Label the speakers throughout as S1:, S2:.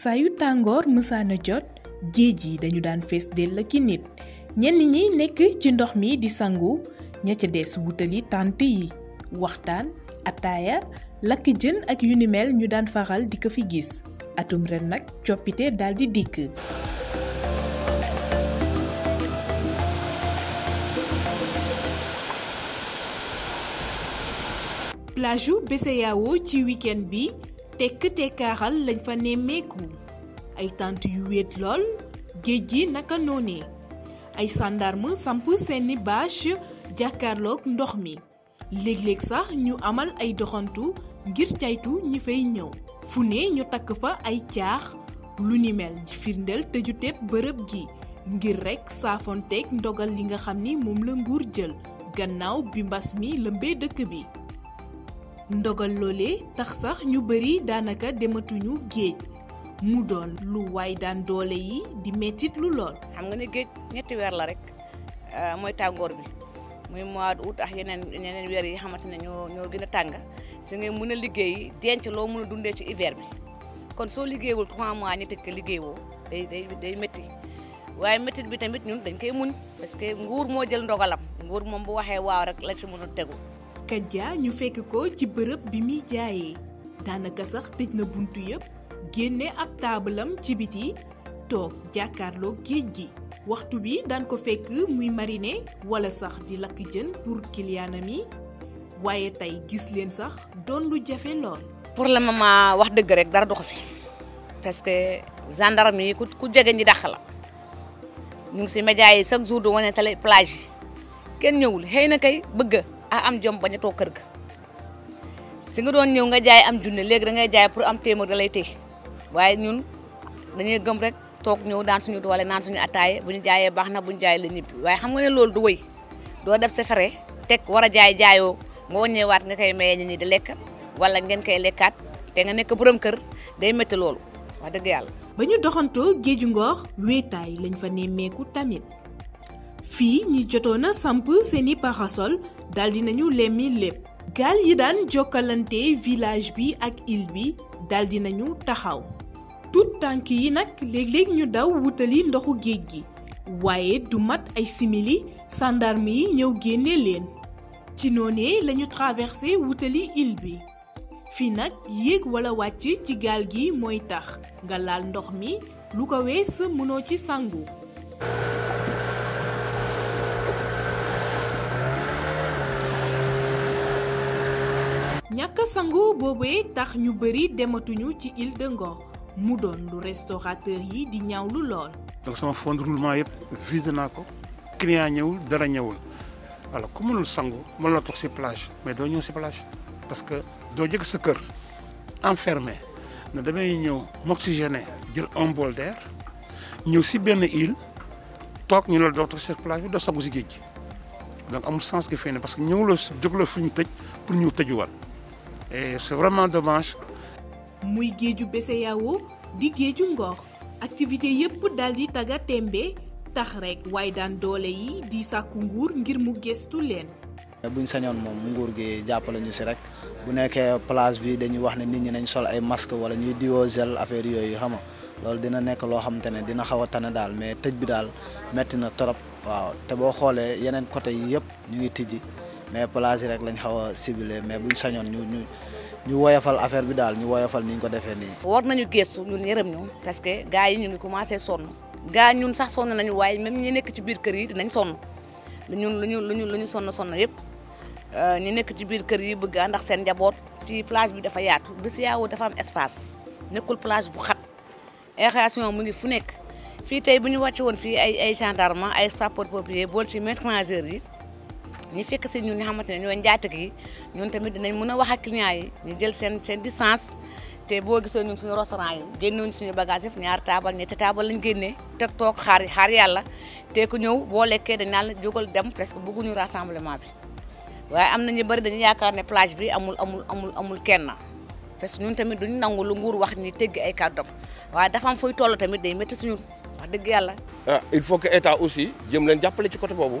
S1: sayu tàngoor mësaana jot géej yi dañu daan fees dell ak i nit ñenn ñi nekk ci ndox mi di sangu ña ca des wutali tànt yi waxtaan ataaya lakk jën ak yu mel ñu daan faral di ko fi gis atum ren nag coppite daldi di dikk e ci week bi tekk tekkaaral lañ fa nemmeeku ay tànt yu wéet lool géej gi naka noonee ay sàndarme samp seeni bâche jàkkaarloog ndox mi léeg-léeg sax ñu amal ay doxantu ngir caytu ñi fay ñëw fu ne ñu takk fa ay caax lu ni mel di firndeel tëjuteeb bërëb gi ngir rekk saafonteeg ndogal li nga xam ni moom la nguur jël gannaaw bi mbas mi lëmbee dëkk bi ndogal loole tax sax ñu bari daanaka dematuñu géej mu doon lu waay daan doole yi di mettit lu lool. xam nga ne géej ñetti weer la rek euh, mooy tàngoor bi muy mois
S2: d'août ak yeneen yeneen weer yi xamante ne ñoo ñoo gën a tàng sa ngay mun a liggéey denc loo mën a dundee ci hiver bi kon soo liggéeyul trois mois ñi tëj ko liggéeyoo day day day métti waaye méttit bi tamit ñun dañ koy muñ parce que nguur moo jël ndogalam nguur moom bu waxee
S1: waaw rek la ci mën a tegu. Naka Dia ñu fekk ko ci bërepp bi muy jaayee daanaka sax tej na buntu yépp génné ab tablam ci biti tok jakarlo géej gi waxtu bi dan ko fekk muy marine wala sax di lak jeun pour kiliyaanam yi waaye gis leen sax don lu jafé lool pour le
S2: moment wax deug rek dara du ko fi parce que gendarme yi ku jégué ni dakh la ñu ngi si média yi chaque jour du wone télé plage ken ñewul kay bëgg ah am jom bañ a toog kër ga si nga doon ñëw nga jaay am junne léegi dangay jaay pour am téeméer da lay téye waaye ñun dañuy gëm rek toog ñëw daan suñu doolee naan suñu attaaye bu ñu jaayee baax na bu ñu jaayee la ñibbi waaye xam nga loolu du wëy doo def sa fere war a jaay jaayoo nga wàññeewaat nga koy mayee ñi di lekk wala ngeen koy lekkaat
S1: te nga nekk borom kër day métti loolu wax dëgg yàlla. ba ñu doxantoo géeju ngor wéetaay lañ fa nemmeeku tamit. fii ñi jotoon a samp seeni parasol daldi nañu lemmi lépp gaal yi daan jokkalante village bi ak île bi daldi nañu taxaw tout tànk yi nag léeg-léeg ñu daw wutali ndoxu géej gi waaye du mat ay simili sandarme yi ñëw génne leen ci noonee lañu traversé wutali île bi fii nag yéeg wala wàcc ci gaal gi mooy tax nga laal ndox mi lu ko wees mënoo ci sangu ñàkk sangu boobee tax ñu bari dematuñu ci île de Ngor mu doon lu restaurateur yi di ñaawlu lool.
S3: donc sama fond roulement yépp vide naa ko client ñëwul dara ñëwul voilà ku mënul sangu mën la toog si plage mais doo ñëw si plage parce que doo jëg sa kër enfermé na damay ñëw m'oxygéner jël un bol d'air ñëw si benn île toog ñu la doo toog si plage bi doo sangu si géej gi donc amul sens que fii ne parce que ñëwuloo jógloo fu ñu tëj pour ñu tëjuwaat. Et c'est vraiment dommage.
S1: muy du Besseyaawo di géeju Ngor activité yep dal di tembe tax rek dolei disa kungur di ngir mu gëstu leen. buñ sañoon moom nguur gi jàppale si rek bu nekkee place bi dañuy wax ne nit ñi nañ sol ay masque wala ñuy diwoo gel affaire yooyu xam nga loolu dina nekk loo xam te ne dina xaw a tane daal mais tëj bi daal metti na trop waaw te boo xoolee yeneen côté yi yëpp ñu ngi tijji mais place rek lañ xawa a mais buñ sañon ñu ñu ñu woyofal affaire bi daal ñu woyofal niñ ko défé ni
S2: war nañu gëstu ñun yërëm ñu parce que gaay ñu ngi commencé sonn gars ñun sax son nañu waaye même ñi nekk ci biir kër yi dinañ sonn ñun lañu lañu lu ñu lu ñu sonn euh, ñi nekk ci biir kër yi bëgg a ndax seen njaboot fii plage bi dafa yaatu bis yaawu dafa am espace nekkul plage bu xat aération mu ngi fu nekk fii tey bu ñu wàcce woon fii ay ay gendarme ay sapeur pompier bool ci maître nageur yi. ñi fekk si ñun ñi xamante ne ñooy njaatig yi ñun tamit dinañ mën a wax ak client yi ñu jël seen seen distance te boo gisee ñun suñu restaurant yi génnoon suñu bagage yëpp ñaar taabal ñetti taabal lañ génnee teg toog xaar xaar yàlla te ku ñëw boo lekkee dañ naan la jógal dem presque bëgguñu rassemblement bi waaye am na ñu bëri dañu yaakaar ne plage bi amul amul amul amul kenn parce que ñun tamit du ñu nangu lu nguur wax ñi tëgg ay kàddoom waaye dafa am fooy toll tamit day métti suñu wax dëgg yàlla.
S4: Ah, il faut que état aussi jëm leen jàppale ci côté boobu.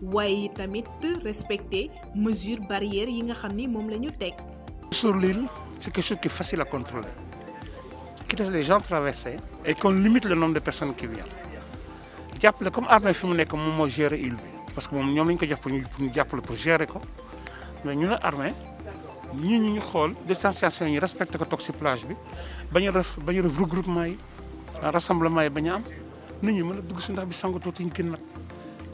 S1: waaye tamit respecter mesures barrières yi nga xam ni moom la
S3: sur l'île c'est quelque chose qui est facile à contrôler qui les gens traverser et qu'on limite le nombre de personnes qui viennent jàppale comme armée fi mu nekk moom moo gérer parce que moom ñoom la ko jox pour ñu pour ñu jàppale pour gérer ko mais ñu ne armée ñi ñu ñu xool distanciation yi respecté ko toog plage bi bañ a def regroupement yi rassemblement yi bañ a am nit ñi mën dugg si ndax bi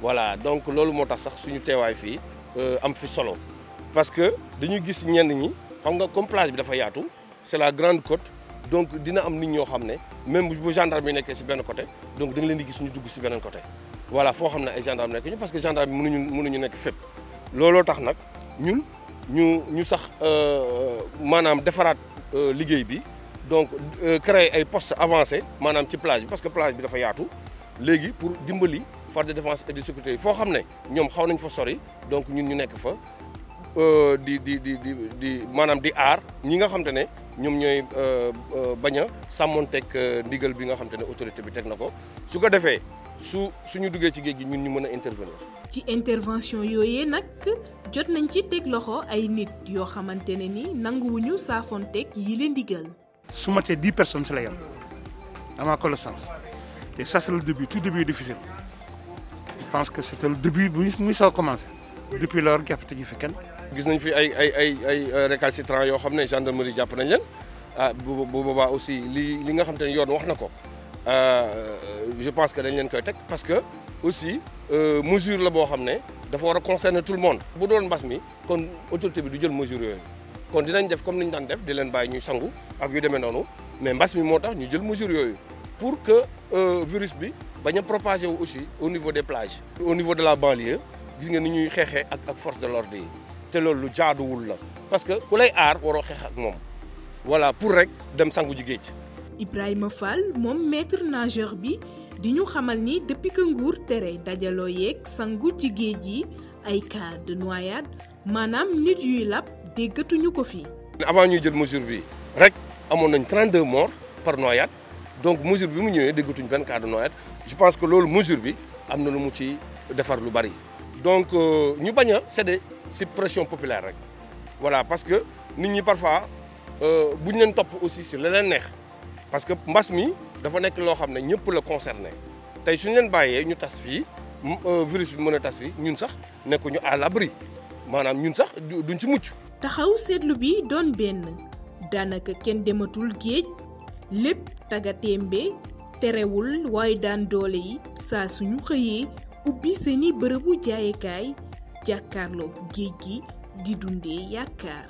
S4: voilà donc c'est ce ça sax suñu teewaay fii euh, am solo parce que nous sommes ñenn ñi xam plage de Fayatou, c'est la grande côte donc nous am nit ñoo même bu gendarme si côté donc nous leen di sommes à dugg côté voilà foo xam ay gendarme nekk parce que gendarme mënuñu mënuñu nekk fépp looloo tax nous ñun ñu ñu sax euh, euh, nous bi donc créer ay postes avancés plage parce que plage de dafa pour Dimboli, force de défense et de sécurité faut Nous fa donc ñun nous nekk fa euh, di di di di di di nous ñi nga euh, euh, a ndigal bi nga autorité bi su ko a intervenir.
S1: ci intervention yooyee la jot nañ ci nous loxo ay nit
S3: Nous personnes si ma connaissance ça c'est le début tout début est difficile pense que c'était le début bu ça soo commencé depuis lors jàppate ñu fi kenn.
S4: gis nañ fi ay ay ay ay euh, récalcitrants yoo xam ne gendarmerie jàpp nañ leen ah bu boobaa aussi li li nga xam te ne wax na ko euh, je pense que dañ leen koy teg parce que aussi euh, mesure la boo xam dafa war concerner tout le monde. bu doon mbas mi kon autorité bi du jël mesure yooyu kon dinañ def comme niñ dan def di leen bay ñuy sangu ak yu démé nonu mais mbass mi motax ñu jël mesure yooyu pour que euh, virus bi bañ propagé aussi au niveau des plages. au niveau de la banlieue gis nga ni ñuy xeexee ak ak force de l'ordre yi te loolu lu jaaduwul la parce que ku lay aar waroo xeex ak voilà pour rek dem sangu ji géej
S1: Ibrahima Fall moom maître nageur bi di ñu xamal ni depuis que nguur tere dajaloo yeeg sangu ci géej yi ay cas de noyade maanaam nit yuy lab déggatuñu ko
S4: fii. avant ñuy jël mesure bi rek amoon nañ 32 morts par noyade donc mesure bi mu ñëwee déggatuñ benn cas de noyade je pense que loolu mesure bi am na lu mu ci defar lu bari. donc euh, ñu bañ c'est des ci pression populaire rek voilà parce que nit ñi parfois euh, bu ñu leen topp aussi ci la leen neex parce que mbas mi dafa nekk loo xam ne ñëpp la concerné tey suñu leen bàyyee ñu tas fii euh, virus bi mën a tas fii ñun sax nekkuñu à l'abri maanaam ñun sax duñ ci mucc. taxaw seetlu
S1: bi doon benn daanaka kenn dematul géej lépp tagatémbe terewul waaye daan doole yi saa suñu xëyee ubbi seeni bërëbu jaayekaay jàkkaarloo géej gi di dundee yaakaar